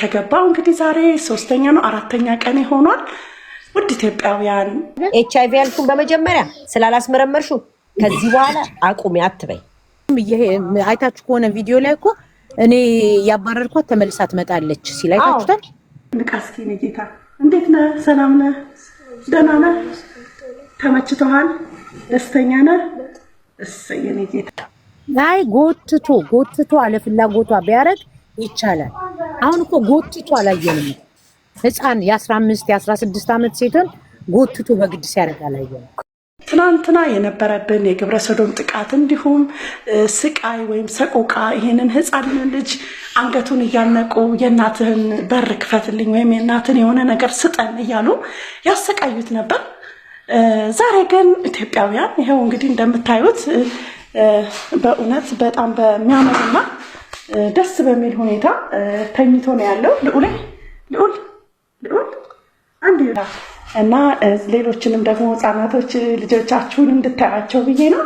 ከገባው እንግዲህ ዛሬ ሶስተኛ ነው አራተኛ ቀን ሆኗል። ውድ ኢትዮጵያውያን ኤች አይቪ ያልኩን በመጀመሪያ ስላላስመረመርሹ ከዚህ በኋላ አቁሜ አትበይ። አይታችሁ ከሆነ ቪዲዮ ላይ እኮ እኔ ያባረርኳት ተመልሳ ትመጣለች ሲል አይታችሁታል። ንቃስቲ ጌታ እንዴት ነ? ሰላም ነ? ደህና ነ? ተመችቶሃል? ደስተኛ ነ? እሰየኔ ጌታ ላይ ጎትቶ ጎትቶ አለፍላጎቷ ቢያደርግ ይቻላል። አሁን እኮ ጎትቶ አላየንም። ህፃን የ15 የ16 ዓመት ሴትን ጎትቶ በግድ ሲያደርግ አላየንም። ትናንትና የነበረብን የግብረ ሰዶም ጥቃት እንዲሁም ስቃይ ወይም ሰቆቃ ይህንን ህፃን ልጅ አንገቱን እያነቁ የእናትህን በር ክፈትልኝ ወይም የእናትን የሆነ ነገር ስጠን እያሉ ያሰቃዩት ነበር። ዛሬ ግን ኢትዮጵያውያን ይኸው እንግዲህ እንደምታዩት በእውነት በጣም በሚያምርና ደስ በሚል ሁኔታ ተኝቶ ነው ያለው። ልዑል ልዑል ልዑል አንድ እና ሌሎችንም ደግሞ ህጻናቶች ልጆቻችሁን እንድታያቸው ብዬ ነው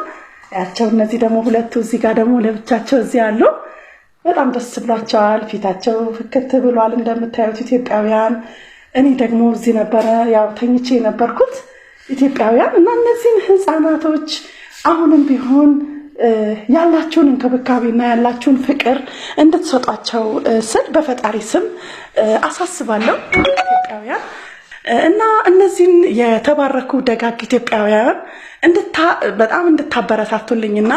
ያቸው። እነዚህ ደግሞ ሁለቱ እዚህ ጋር ደግሞ ለብቻቸው እዚህ አሉ። በጣም ደስ ብሏቸዋል። ፊታቸው ፍክት ብሏል እንደምታዩት ኢትዮጵያውያን። እኔ ደግሞ እዚህ ነበረ ያው ተኝቼ የነበርኩት ኢትዮጵያውያን እና እነዚህን ህፃናቶች አሁንም ቢሆን ያላችሁን እንክብካቤና ያላችሁን ፍቅር እንድትሰጧቸው ስል በፈጣሪ ስም አሳስባለሁ ኢትዮጵያውያን እና እነዚህን የተባረኩ ደጋግ ኢትዮጵያውያን በጣም እንድታበረታቱልኝና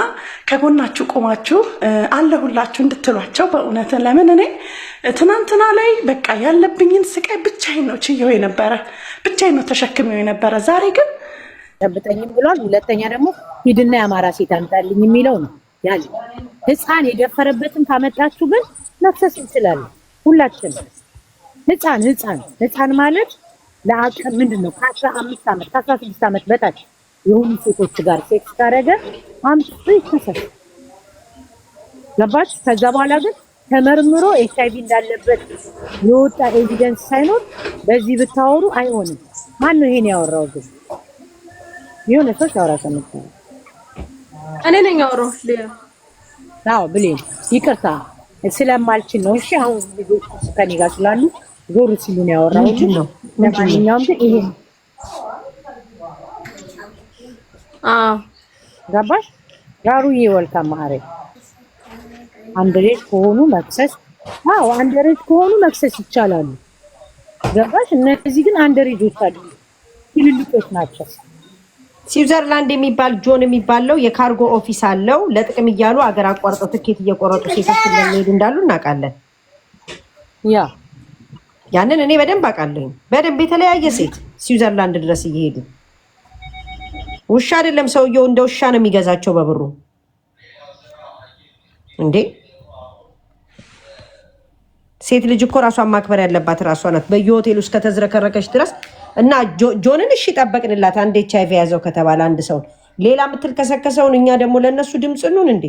ከጎናችሁ ቆማችሁ አለሁላችሁ እንድትሏቸው በእውነት ለምን እኔ ትናንትና ላይ በቃ ያለብኝን ስቃይ ብቻዬን ነው ችየው የነበረ ብቻዬን ነው ተሸክሜው የነበረ ዛሬ ግን ሸምተኝም ብሏል። ሁለተኛ ደግሞ ሂድና የአማራ ሴት አምጣልኝ የሚለው ነው ያለ። ህፃን የደፈረበትን ካመጣችሁ ግን መክሰስ እንችላለን ሁላችን። ህፃን ህፃን ህፃን ማለት ለአቅም ምንድን ነው ከአስራ አምስት ዓመት ከአስራ ስድስት ዓመት በታች የሆኑ ሴቶች ጋር ሴክስ ካረገ አምጥቶ ይከሰስ። ገባች? ከዛ በኋላ ግን ተመርምሮ ኤች አይቪ እንዳለበት የወጣ ኤቪደንስ ሳይኖር በዚህ ብታወሩ አይሆንም። ማን ነው ይሄን ያወራው ግን? የሆነ ሰው ሲያወራ ሰምቼ እኔ ነኝ አወራሁ። አዎ ብሌን ይቅርታ ስለማልችል ነው። እሺ አሁን ልጆች ከኔ ጋር ስላሉ ዞር ሲሉ ነው ያወራሁት። ለማንኛውም ግን ይሄ አዎ ገባሽ ጋሩዬ ወልካም ማሬ አንደሬጅ ከሆኑ መክሰስ አዎ አንደሬጅ ከሆኑ መክሰስ ይቻላሉ። ገባሽ እነዚህ ግን አንደሬጆች አይደሉም፣ ትልልቆች ናቸው። ስዊዘርላንድ የሚባል ጆን የሚባለው የካርጎ ኦፊስ አለው። ለጥቅም እያሉ አገር አቋርጠው ትኬት እየቆረጡ ሴቶች እንደሚሄዱ እንዳሉ እናውቃለን። ያ ያንን እኔ በደንብ አውቃለሁኝ። በደንብ የተለያየ ሴት ስዊዘርላንድ ድረስ እየሄዱ ውሻ አይደለም ሰውየው እንደ ውሻ ነው የሚገዛቸው በብሩ እንዴ። ሴት ልጅ እኮ ራሷን ማክበር ያለባት ራሷ ናት። በየሆቴሉ እስከተዝረከረከች ድረስ እና ጆንን እሺ ጠበቅንላት። አንድ ኤች አይቪ ያዘው ከተባለ አንድ ሰውን ሌላ የምትልከሰከሰውን እኛ ደግሞ ለእነሱ ድምፅ ኑን እንዴ።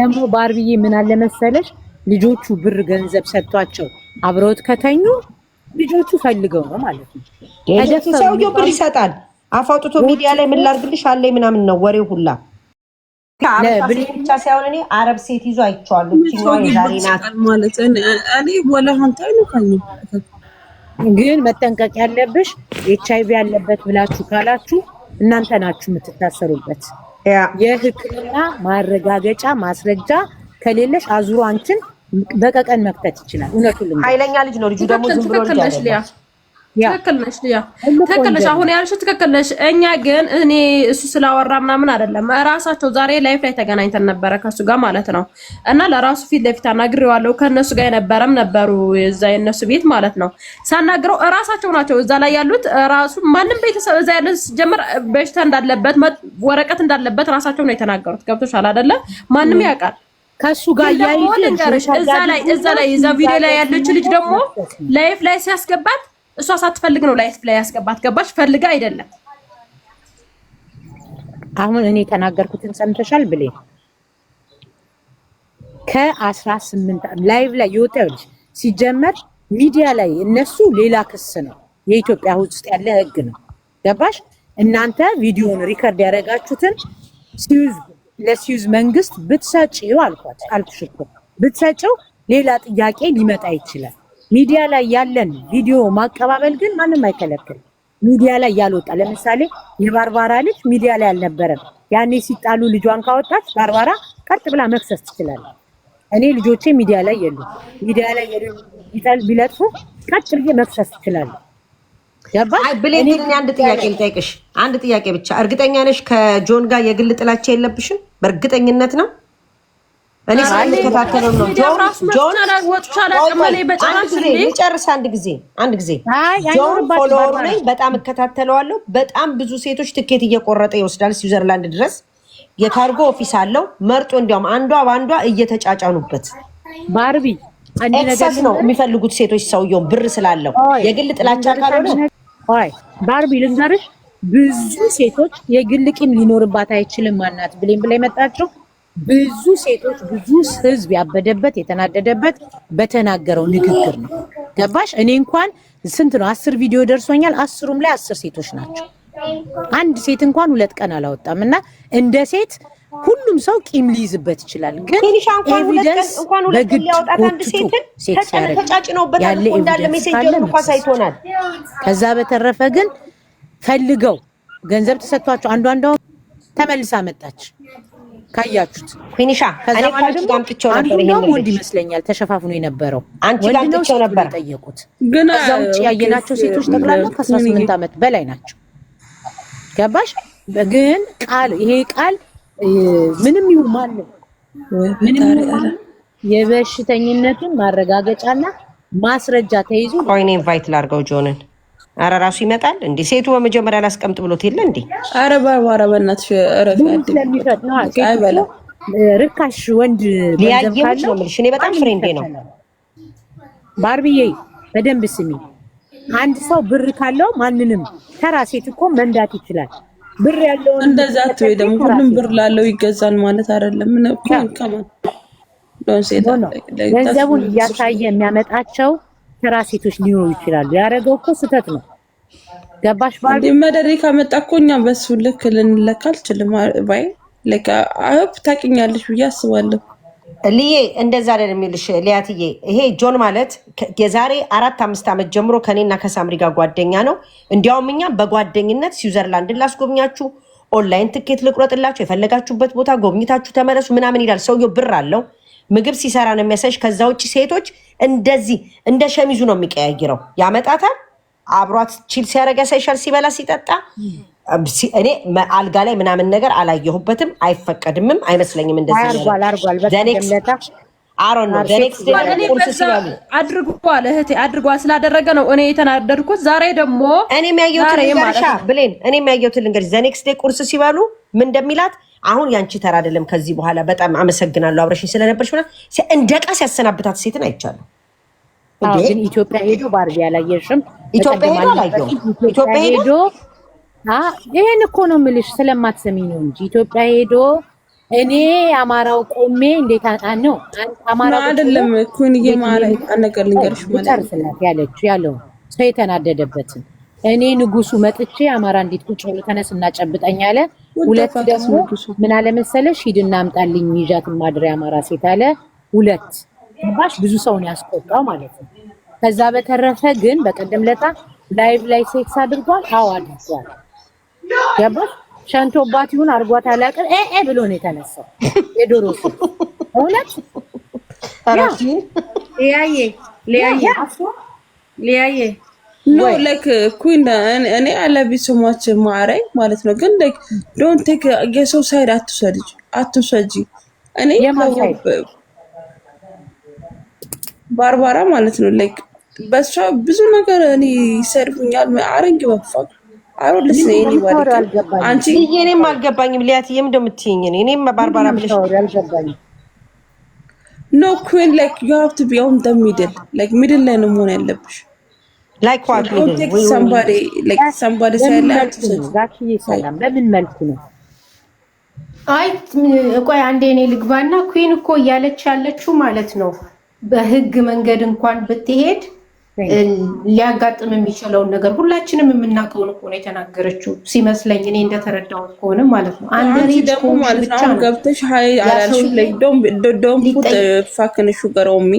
ደግሞ ባርብዬ ምን አለ መሰለሽ ልጆቹ ብር ገንዘብ ሰጥቷቸው አብረውት ከተኙ ልጆቹ ፈልገው ነው ማለት ነው። ሰውየው ብር ይሰጣል። አፋውጥቶ ሚዲያ ላይ ምን ላድርግልሽ አለኝ ምናምን ነው ወሬው ሁላ ብቻ ሳይሆን እኔ አረብ ሴት ይዞ አይቼዋለሁ። ዛሬ ናት ማለት እኔ ወላሂ አንተ አይነካኝም ግን መጠንቀቅ ያለብሽ ኤች አይ ቪ ያለበት ብላችሁ ካላችሁ እናንተ ናችሁ የምትታሰሩበት። የህክምና ማረጋገጫ ማስረጃ ከሌለሽ አዙሮ አንቺን በቀቀን መክተት ይችላል። እውነቱ ኃይለኛ ልጅ ነው ልጁ ደግሞ ዝም ብሎ ልጅ ትክክል ነሽ፣ ትክክል አሁን ያልሽ ትክክል እኛ ግን እኔ እሱ ስላወራ ምናምን አይደለም። እራሳቸው ዛሬ ላይፍ ላይ ተገናኝተን ነበረ ከሱ ጋር ማለት ነው። እና ለራሱ ፊት ለፊት አናግሬዋለሁ። ከእነሱ ጋር የነበረም ነበሩ እዛ የእነሱ ቤት ማለት ነው። ሳናግረው እራሳቸው ናቸው እዛ ላይ ያሉት። ራሱ ማንም ቤተሰብ እዛ ያለ ሲጀምር በሽታ እንዳለበት ወረቀት እንዳለበት ራሳቸው ነው የተናገሩት። ገብቶሻል አይደለ? ማንም ያውቃል ከሱ ጋር ያይሽ እዛ ላይ እዛ ላይ እዛ ቪዲዮ ላይ ያለች ልጅ ደግሞ ላይፍ ላይ ሲያስገባት እሷ ሳትፈልግ ነው ላይፍ ላይ ያስገባት። ገባች ፈልጋ አይደለም። አሁን እኔ የተናገርኩትን ሰምተሻል ብሌ ከአስራ ስምንት ላይቭ ላይ የወጣች ሲጀመር ሚዲያ ላይ እነሱ ሌላ ክስ ነው፣ የኢትዮጵያ ውስጥ ያለ ህግ ነው። ገባሽ? እናንተ ቪዲዮን ሪከርድ ያደረጋችሁትን ለሲዩዝ መንግስት ብትሰጪው አልኳት፣ አልኩሽ እኮ ብትሰጪው ሌላ ጥያቄ ሊመጣ ይችላል። ሚዲያ ላይ ያለን ቪዲዮ ማቀባበል ግን ማንም አይከለክልም። ሚዲያ ላይ ያልወጣ ለምሳሌ የባርባራ ልጅ ሚዲያ ላይ አልነበረም። ያኔ ሲጣሉ ልጇን ካወጣች ባርባራ ቀጥ ብላ መክሰስ ትችላለች። እኔ ልጆቼ ሚዲያ ላይ የሉ ሚዲያ ላይ የሉ ይጣል ቢለጥፉ ቀጥ ብዬ መክሰስ ትችላለች። አይ ብሌን፣ አንድ ጥያቄ ልጠይቅሽ፣ አንድ ጥያቄ ብቻ። እርግጠኛ ነሽ ከጆን ጋር የግል ጥላቻ የለብሽም? በእርግጠኝነት ነው እኔ ስለሚከታተለው ነው። ጆን ጨርስ። አንድ ጊዜ አንድ ጊዜ ጆን ፎሎወር ነኝ፣ በጣም እከታተለዋለሁ። በጣም ብዙ ሴቶች ትኬት እየቆረጠ ይወስዳል ስዊዘርላንድ ድረስ። የካርጎ ኦፊስ አለው መርጦ፣ እንዲያውም አንዷ በአንዷ እየተጫጫኑበት ባርቢ ኤክሰስ ነው የሚፈልጉት ሴቶች። ሰውየውን ብር ስላለው የግል ጥላቻ ካልሆነ ባርቢ ልንገርሽ፣ ብዙ ሴቶች የግል ቂም ሊኖርባት አይችልም። ማናት ብሌም ብላ የመጣችው ብዙ ሴቶች ብዙ ህዝብ ያበደበት የተናደደበት በተናገረው ንግግር ነው። ገባሽ? እኔ እንኳን ስንት ነው አስር ቪዲዮ ደርሶኛል። አስሩም ላይ አስር ሴቶች ናቸው። አንድ ሴት እንኳን ሁለት ቀን አላወጣም። እና እንደ ሴት ሁሉም ሰው ቂም ሊይዝበት ይችላል። ግን ኤቪደንስ በግድ ሴት ያለ ኤቪደንስ ካለ ከዛ በተረፈ ግን ፈልገው ገንዘብ ተሰጥቷቸው አንዷ አንዷ ተመልሳ መጣች። ካያችሁት ኩኒሻ ከዛ ጋምጥቸው ነበር። ይሄ ነው ወንድ ይመስለኛል ተሸፋፍኖ የነበረው አንቺ ጋምጥቸው ነበር የጠየቁት። ግን እዛ ውጭ ያየናቸው ሴቶች ጠቅላላ ከ18 ዓመት በላይ ናቸው። ገባሽ? ግን ቃል ይሄ ቃል ምንም ይሁን ማለት ነው ምንም ይሁን የበሽተኝነቱን ማረጋገጫና ማስረጃ ተይዞ ቆይኔ ኢንቫይት ላርገው ጆንን አረ ራሱ ይመጣል እንዴ? ሴቱ በመጀመሪያ ላስቀምጥ ብሎት የለ እንዴ? አረ ባባራ በእናትሽ ርካሽ ወንድ ሊያየምች ነው የምልሽ። እኔ በጣም ፍሬንዴ ነው ባርብዬ። በደንብ ስሚ። አንድ ሰው ብር ካለው ማንንም ተራ ሴት እኮ መንዳት ይችላል። ብር ያለው እንደዛ አትበይ። ደግሞ ሁሉም ብር ላለው ይገዛል ማለት አይደለም። ምን እኮ ገንዘቡን እያሳየ የሚያመጣቸው ተራ ሴቶች ሊኖሩ ይችላሉ። ያደረገው እኮ ስህተት ነው። ገባሽ? ባል መደሬ ካመጣ እኮ እኛ በሱ ልክ ልንለካ አልችልም። ባይ ለካ ታውቂኛለሽ ብዬ አስባለሁ። ልዬ እንደዛ አይደል የሚልሽ ሊያትዬ። ይሄ ጆን ማለት የዛሬ አራት አምስት ዓመት ጀምሮ ከኔና ከሳምሪ ጋር ጓደኛ ነው። እንዲያውም እኛ በጓደኝነት ስዊዘርላንድን ላስጎብኛችሁ፣ ኦንላይን ትኬት ልቁረጥላችሁ፣ የፈለጋችሁበት ቦታ ጎብኝታችሁ ተመለሱ ምናምን ይላል። ሰውየው ብር አለው ምግብ ሲሰራ ነው የሚያሳይሽ። ከዛ ውጭ ሴቶች እንደዚህ እንደ ሸሚዙ ነው የሚቀያይረው። ያመጣታል፣ አብሯት ቺል ሲያደርግ ያሳይሻል፣ ሲበላ ሲጠጣ። እኔ አልጋ ላይ ምናምን ነገር አላየሁበትም፣ አይፈቀድምም፣ አይመስለኝም። እንደዚህአድርጓል እህቴ አድርጓል። ስላደረገ ነው እኔ የተናደድኩት። ዛሬ ደግሞ እኔ የሚያየሁትን ልንገርሻ ብሌን፣ እኔ የሚያየሁትን ልንገርሽ ዘኔክስ ዴይ ቁርስ ሲበሉ ምን እንደሚላት አሁን ያንቺ ተራ አይደለም። ከዚህ በኋላ በጣም አመሰግናለሁ አብረሽኝ ስለነበርሽ ምናምን እንደ ቃስ ያሰናብታት ሴትን አይቻለሁ። ግን ኢትዮጵያ ሄዶ ባርቢ አላየሽም? ኢትዮጵያ ሄዶ አላየሁም። ኢትዮጵያ ሄዶ ይሄን እኮ ነው የምልሽ፣ ስለማትሰሚ ነው እንጂ ኢትዮጵያ ሄዶ እኔ አማራው ቆሜ እንዴት ነው አማራው አይደለም ኩንዬ ማለት አነገር ገርሽ ማለት ያለችው ያለው ሰው የተናደደበትን እኔ ንጉሱ መጥቼ አማራ እንዴት ቁጭ ብሎ ተነስ እናጨብጠኝ አለ ሁለት ደግሞ ምን አለ አለመሰለሽ ሂድና አምጣልኝ ይዣት ማድሪያ አማራ ሴት አለ። ሁለት ባሽ ብዙ ሰውን ያስቆጣው ማለት ነው። ከዛ በተረፈ ግን በቀደም ለታ ላይቭ ላይ ሴክስ አድርጓል። አዎ አድርጓል። ገባሽ ሸንቶባት ይሁን አርጓት አላውቅም። ኤ ኤ ብሎ ነው የተነሳው የዶሮ ሴት እውነት ሊያየ ሊያየ ሊያየ ኖ ላይክ ኩን እኔ አላቢ ስሟች ማዕራይ ማለት ነው። ግን ላይክ ዶንት ቴክ የሰው ሳይድ አትውሰጅ አትውሰጂ። እኔ ባርባራ ማለት ነው ላይክ በሷ ብዙ ነገር እኔ ይሰርፉኛል። አረንግ በፋ አሮ ልስኔ እኔ አንቺ እኔም አልገባኝም። ሊያትዬም እንደምትይኝ እኔ እኔም ባርባራ ብለሽ ኖ ኩን ላይክ ዩ ሃቭ ቱ ቢ ኦን ዘ ሚድል ላይክ ሚድል ላይ ነው መሆን ያለብሽ ላይክ ሰላም በምን መልኩ ነው? አይ ቆይ አንዴ እኔ ልግባና ኩን እኮ እያለች ያለችው ማለት ነው። በህግ መንገድ እንኳን ብትሄድ ሊያጋጥም የሚችለውን ነገር ሁላችንም የምናውቀውን እኮ ነው የተናገረችው ሲመስለኝ፣ እኔ እንደተረዳው ከሆነ ማለት ነው። አንቺ ደግሞ ማለት ነው ገብተሽ ሀይ አላልሽም። ዶንት ፑት ፋክን ሹገር ኦን ሚ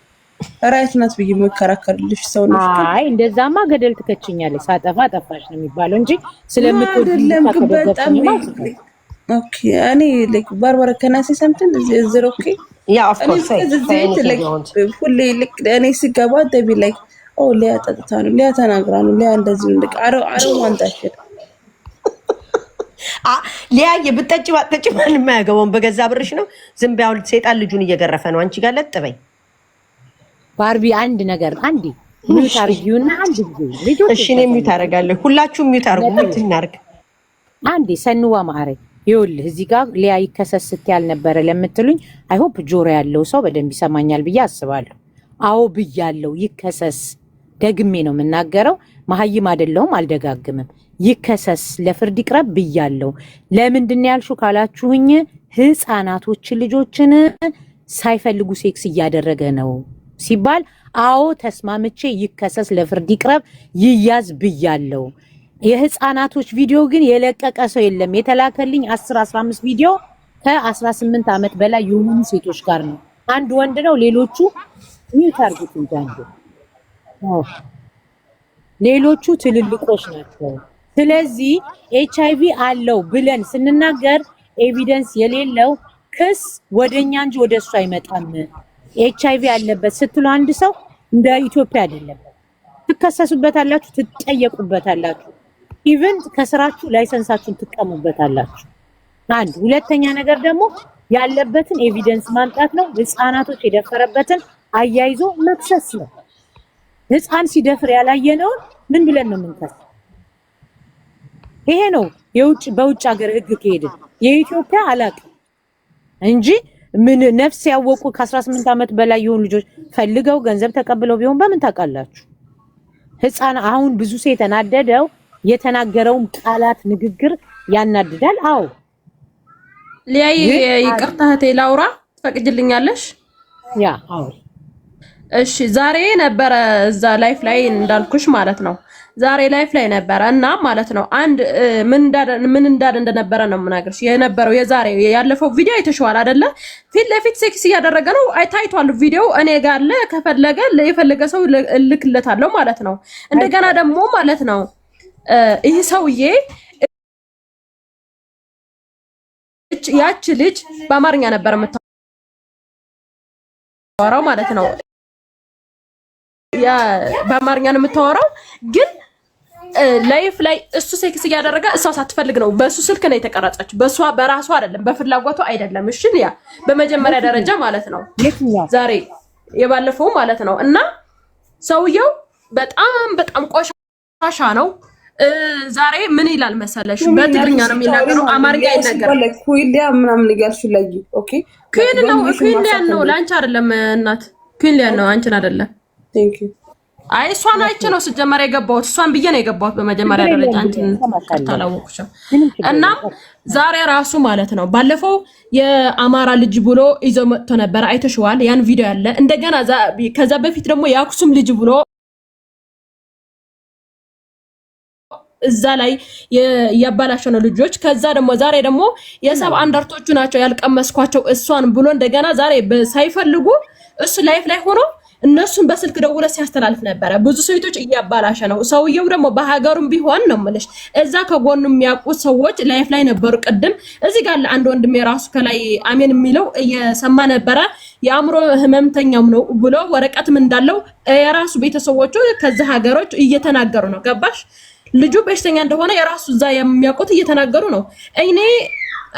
ራይት ናት ብዬ የምከራከርልሽ ሰው ነሽ። አይ እንደዛማ ገደል ትከችኛለች። ሳጠፋ ጠፋሽ ነው የሚባለው እንጂ ስለምትወድለም በጣም ኦኬ። እኔ ላይክ ባርባራ ከናሴ ሰምተን ኦኬ። እኔ ስገባ ደቢ ሊያ ጠጥታ ነው ሊያ ተናግራ ነው ሊያ እንደዚህ ሊያየ ማንም አያገባውም። በገዛ ብርሽ ነው። ዝም ብያው ሴጣን ልጁን እየገረፈ ነው። አንቺ ጋር ለጥበኝ ባርቢ አንድ ነገር አንዴ ሚዩት አርጊውና አንድ ጊዜ እሺ፣ እኔ ሚዩት አደርጋለሁ። ሁላችሁም ሚዩት አርጉ። ሚዩት እናርግ። አንዴ ሰንዋ ማዕረ ይኸውልህ፣ እዚህ ጋር ሊያ ይከሰስ ስትያል ነበረ ለምትሉኝ አይሆፕ ጆሮ ያለው ሰው በደንብ ይሰማኛል ብዬ አስባለሁ። አዎ ብያለሁ። ይከሰስ ደግሜ ነው የምናገረው። መሀይም አይደለሁም፣ አልደጋግምም። ይከሰስ ለፍርድ ይቅረብ ብያለሁ። ለምንድን ያልሽው ካላችሁኝ ህፃናቶችን ልጆችን ሳይፈልጉ ሴክስ እያደረገ ነው ሲባል አዎ ተስማምቼ ይከሰስ፣ ለፍርድ ይቅረብ፣ ይያዝ ብያለው። የህፃናቶች ቪዲዮ ግን የለቀቀ ሰው የለም። የተላከልኝ 10 15 ቪዲዮ ከ18 ዓመት በላይ የሆኑ ሴቶች ጋር ነው። አንድ ወንድ ነው። ሌሎቹ ኒው ታርጌት ሌሎቹ ትልልቆች ናቸው። ስለዚህ ኤች አይቪ አለው ብለን ስንናገር ኤቪደንስ የሌለው ክስ ወደኛ እንጂ ወደ እሱ አይመጣም። ኤች አይቪ አለበት ስትሉ አንድ ሰው እንደ ኢትዮጵያ አይደለም። ትከሰሱበታላችሁ፣ ትጠየቁበታላችሁ፣ ኢቨን ከስራችሁ ላይሰንሳችሁን ትቀሙበታላችሁ። አንድ ሁለተኛ ነገር ደግሞ ያለበትን ኤቪደንስ ማምጣት ነው። ህፃናቶች የደፈረበትን አያይዞ መክሰስ ነው። ህፃን ሲደፍር ያላየነውን ምን ብለን ነው የምንከስ? ይሄ ነው የውጭ በውጭ ሀገር ህግ ከሄድን የኢትዮጵያ አላቅም እንጂ ምን ነፍስ ያወቁ ከ18 ዓመት በላይ የሆኑ ልጆች ፈልገው ገንዘብ ተቀብለው ቢሆን በምን ታውቃላችሁ? ህፃን አሁን ብዙ ሰው የተናደደው የተናገረውን ቃላት ንግግር ያናድዳል። አዎ ሊያይ ይቅርታ እህቴ ላውራ ትፈቅጅልኛለሽ? ያ አዎ እሺ ዛሬ ነበረ እዛ ላይፍ ላይ እንዳልኩሽ ማለት ነው ዛሬ ላይፍ ላይ ነበረ እና ማለት ነው አንድ ምን እንዳለ እንደነበረ ነው የምናገርሽ። የነበረው የዛሬ ያለፈው ቪዲዮ አይተሽዋል አይደለ? ፊት ለፊት ሴክስ እያደረገ ነው ታይቷል። ቪዲዮው እኔ ጋር አለ። ከፈለገ የፈለገ ሰው እልክለታለሁ ማለት ነው። እንደገና ደግሞ ማለት ነው ይህ ሰውዬ ያች ልጅ በአማርኛ ነበር የምታወራው ማለት ነው። በአማርኛ ነው የምታወራው ግን ላይፍ ላይ እሱ ሴክስ እያደረገ እሷ ሳትፈልግ ነው። በእሱ ስልክ ነው የተቀረጸች፣ በእሷ በራሷ አይደለም፣ በፍላጎቱ አይደለም። እሺ ያ በመጀመሪያ ደረጃ ማለት ነው። ዛሬ የባለፈው ማለት ነው። እና ሰውየው በጣም በጣም ቆሻሻ ነው። ዛሬ ምን ይላል መሰለሽ? በትግርኛ ነው የሚናገረው፣ አማርኛ አይናገርም። ኩይሊያ ምናምን እያልሽ ላይ ኦኬ፣ ኩይል ነው ኩይሊያን ነው ለአንቺ አይደለም እናት፣ ኩይሊያን ነው አንቺን አይደለም። ቴንክ ዩ አይ እሷን አይቼ ነው ስጀመር የገባሁት። እሷን ብዬ ነው የገባሁት በመጀመሪያ ደረጃ እንትን አላወቅሽም። እናም ዛሬ ራሱ ማለት ነው ባለፈው የአማራ ልጅ ብሎ ይዘው መጥቶ ነበረ፣ አይተሽዋል። ያን ቪዲዮ ያለ እንደገና ከዛ በፊት ደግሞ የአክሱም ልጅ ብሎ እዛ ላይ ያባላሸው ነው ልጆች። ከዛ ደግሞ ዛሬ ደግሞ የሰብ አንዳርቶቹ ናቸው ያልቀመስኳቸው እሷን ብሎ እንደገና ዛሬ ሳይፈልጉ እሱ ላይፍ ላይ ሆኖ እነሱን በስልክ ደውለ ሲያስተላልፍ ነበረ። ብዙ ሴቶች እያባላሸ ነው። ሰውየው ደግሞ በሀገሩም ቢሆን ነው የምልሽ፣ እዛ ከጎኑ የሚያውቁት ሰዎች ላይፍ ላይ ነበሩ። ቅድም እዚህ ጋር አንድ ወንድም የራሱ ከላይ አሜን የሚለው እየሰማ ነበረ። የአእምሮ ህመምተኛም ነው ብሎ ወረቀትም እንዳለው የራሱ ቤተሰቦቹ ከዚህ ሀገሮች እየተናገሩ ነው። ገባሽ? ልጁ በሽተኛ እንደሆነ የራሱ እዛ የሚያውቁት እየተናገሩ ነው እኔ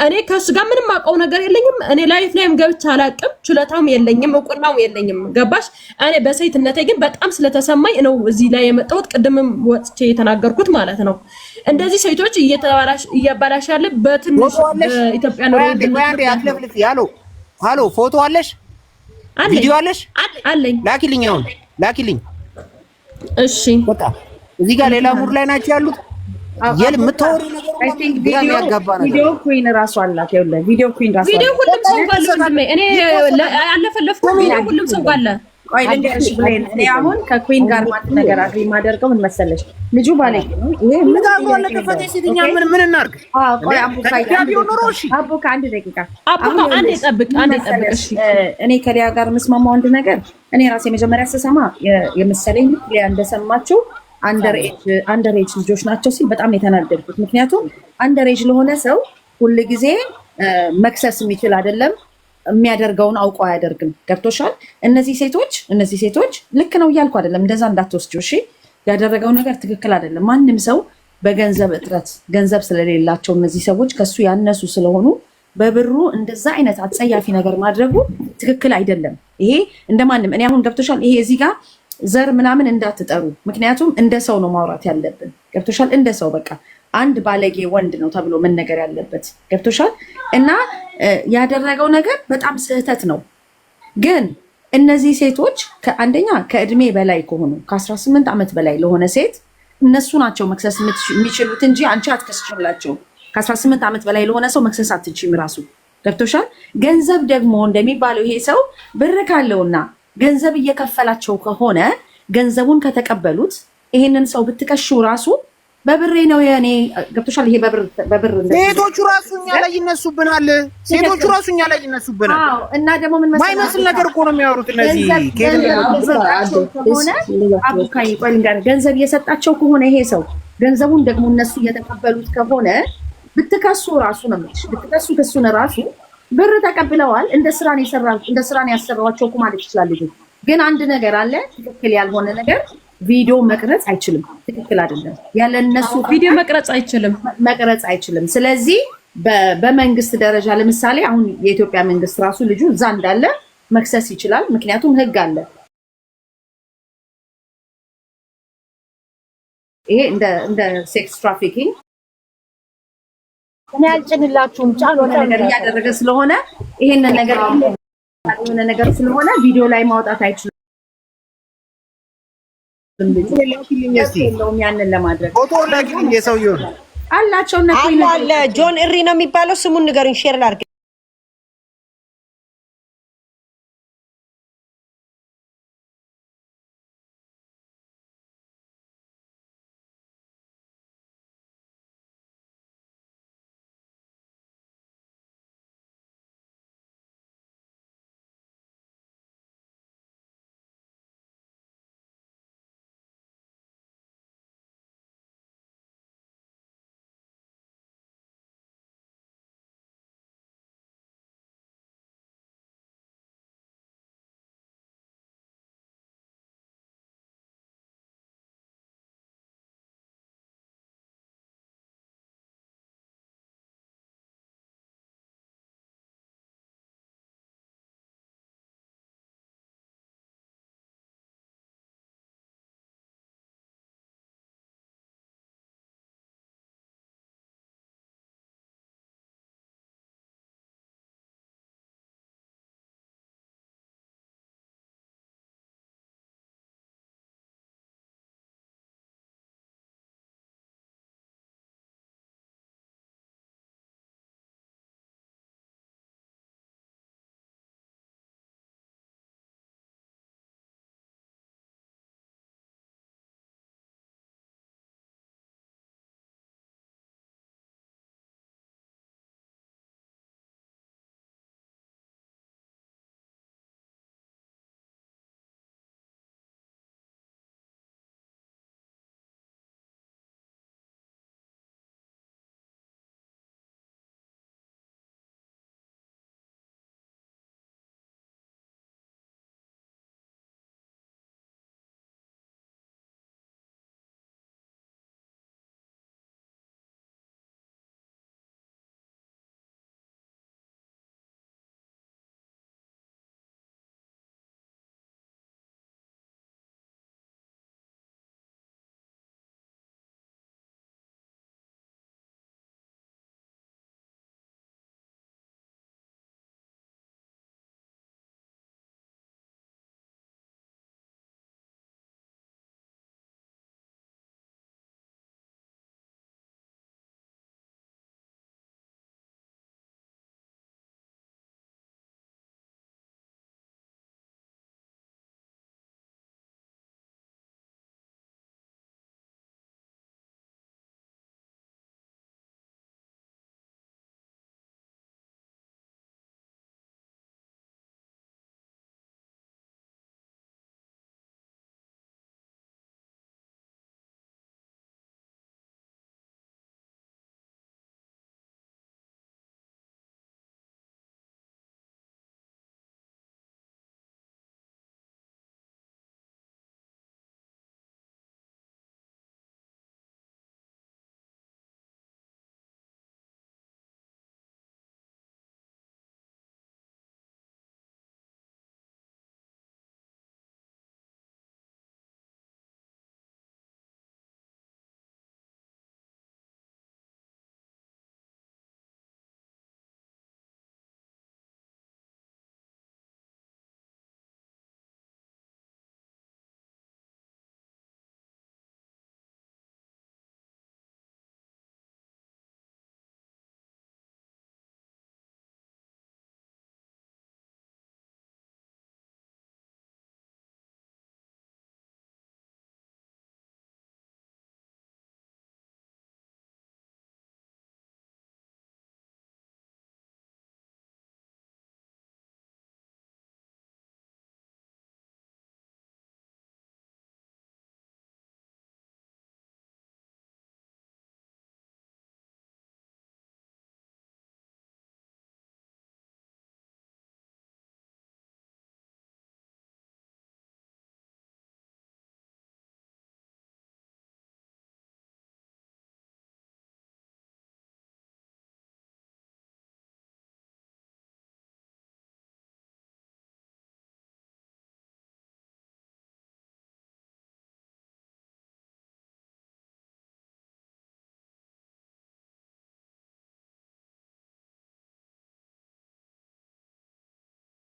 እኔ ከሱ ጋር ምንም አውቀው ነገር የለኝም። እኔ ላይፍ ላይም ገብቼ አላውቅም። ችሎታም የለኝም፣ እውቅናም የለኝም። ገባሽ? እኔ በሴትነቴ ግን በጣም ስለተሰማኝ ነው እዚህ ላይ የመጣሁት። ቅድምም ወጥቼ የተናገርኩት ማለት ነው። እንደዚህ ሴቶች እያባላሽ ያለ በትንሽ ኢትዮጵያ ነው። ሄሎ፣ ፎቶ አለሽ? ቪዲዮ አለሽ? አለኝ። ላኪልኝ፣ አሁን ላኪልኝ። እሺ፣ በቃ እዚህ ጋር ሌላ ሙር ላይ ናቸው ያሉት የል የምታወሪ ነገር ቪዲዮ ኩዊን ራሱ አላት። ቪዲዮ ኩዊን ራሱ ቪዲዮ ሁሉም ሰው ጋለ እኔ አለፈለፍኩ ሁሉም ሰው ጋለ እኔ አሁን ከኩዊን ጋር ማለት ነገር አግሪ የማደርገው ምን መሰለሽ፣ ልጁ እኔ ከሊያ ጋር የምስማማው አንድ ነገር እኔ ራሴ መጀመሪያ ስሰማ ሊያ እንደሰማችው አንደሬጅ ልጆች ናቸው ሲል በጣም የተናደድኩት። ምክንያቱም አንደሬጅ ለሆነ ሰው ሁል ጊዜ መክሰስ የሚችል አይደለም። የሚያደርገውን አውቀ አያደርግም። ገብቶሻል? እነዚህ ሴቶች እነዚህ ሴቶች ልክ ነው እያልኩ አይደለም፣ እንደዛ እንዳትወስጂው እሺ። ያደረገው ነገር ትክክል አይደለም። ማንም ሰው በገንዘብ እጥረት ገንዘብ ስለሌላቸው እነዚህ ሰዎች ከሱ ያነሱ ስለሆኑ በብሩ እንደዛ አይነት አጸያፊ ነገር ማድረጉ ትክክል አይደለም። ይሄ እንደማንም እኔ አሁን ገብቶሻል። ይሄ እዚህ ጋር ዘር ምናምን እንዳትጠሩ። ምክንያቱም እንደ ሰው ነው ማውራት ያለብን። ገብቶሻል? እንደ ሰው በቃ አንድ ባለጌ ወንድ ነው ተብሎ መነገር ያለበት ገብቶሻል? እና ያደረገው ነገር በጣም ስህተት ነው። ግን እነዚህ ሴቶች ከአንደኛ ከእድሜ በላይ ከሆኑ ከ18 ዓመት በላይ ለሆነ ሴት እነሱ ናቸው መክሰስ የሚችሉት እንጂ አንቺ አትከስችላቸው። ከ18 ዓመት በላይ ለሆነ ሰው መክሰስ አትችም ራሱ ገብቶሻል። ገንዘብ ደግሞ እንደሚባለው ይሄ ሰው ብር ካለውና ገንዘብ እየከፈላቸው ከሆነ ገንዘቡን ከተቀበሉት ይሄንን ሰው ብትቀሹ ራሱ በብሬ ነው የኔ ገብቶሻል። ይሄ በብር በብር ሴቶቹ ራሱ እኛ ላይ ይነሱብናል። ሴቶቹ ራሱ እኛ ላይ ይነሱብናል። አዎ። እና ደግሞ ምን መሰለህ ማይመስል ነገር እኮ ነው የሚያወሩት እነዚህ። አቡካይ ቆይ ጋር ገንዘብ እየሰጣቸው ከሆነ ይሄ ሰው ገንዘቡን ደግሞ እነሱ እየተቀበሉት ከሆነ ብትከሱ ራሱ ነው ብትከሱ ክሱን ራሱ ብር ተቀብለዋል። እንደ ስራ ነው እንደ ስራን ያሰራዋቸው እኮ ማለት ይችላል። ግን አንድ ነገር አለ። ትክክል ያልሆነ ነገር ቪዲዮ መቅረጽ አይችልም። ትክክል አይደለም። ያለ እነሱ ቪዲዮ መቅረጽ አይችልም፣ መቅረጽ አይችልም። ስለዚህ በመንግስት ደረጃ ለምሳሌ አሁን የኢትዮጵያ መንግስት ራሱ ልጁ እዛ እንዳለ መክሰስ ይችላል። ምክንያቱም ህግ አለ። ይሄ እንደ ሴክስ ትራፊኪንግ እኔ አልጭንላችሁም። ጫን ነገር እያደረገ ስለሆነ ይሄንን ነገር የሆነ ነገር ስለሆነ ቪዲዮ ላይ ማውጣት አይችልም። የለውም ያንን ለማድረግ ፎቶ ላኪልኝ። የሰውየውን ጆን እሪ ነው የሚባለው ስሙን ንገሩኝ፣ ሼር ላድርግ።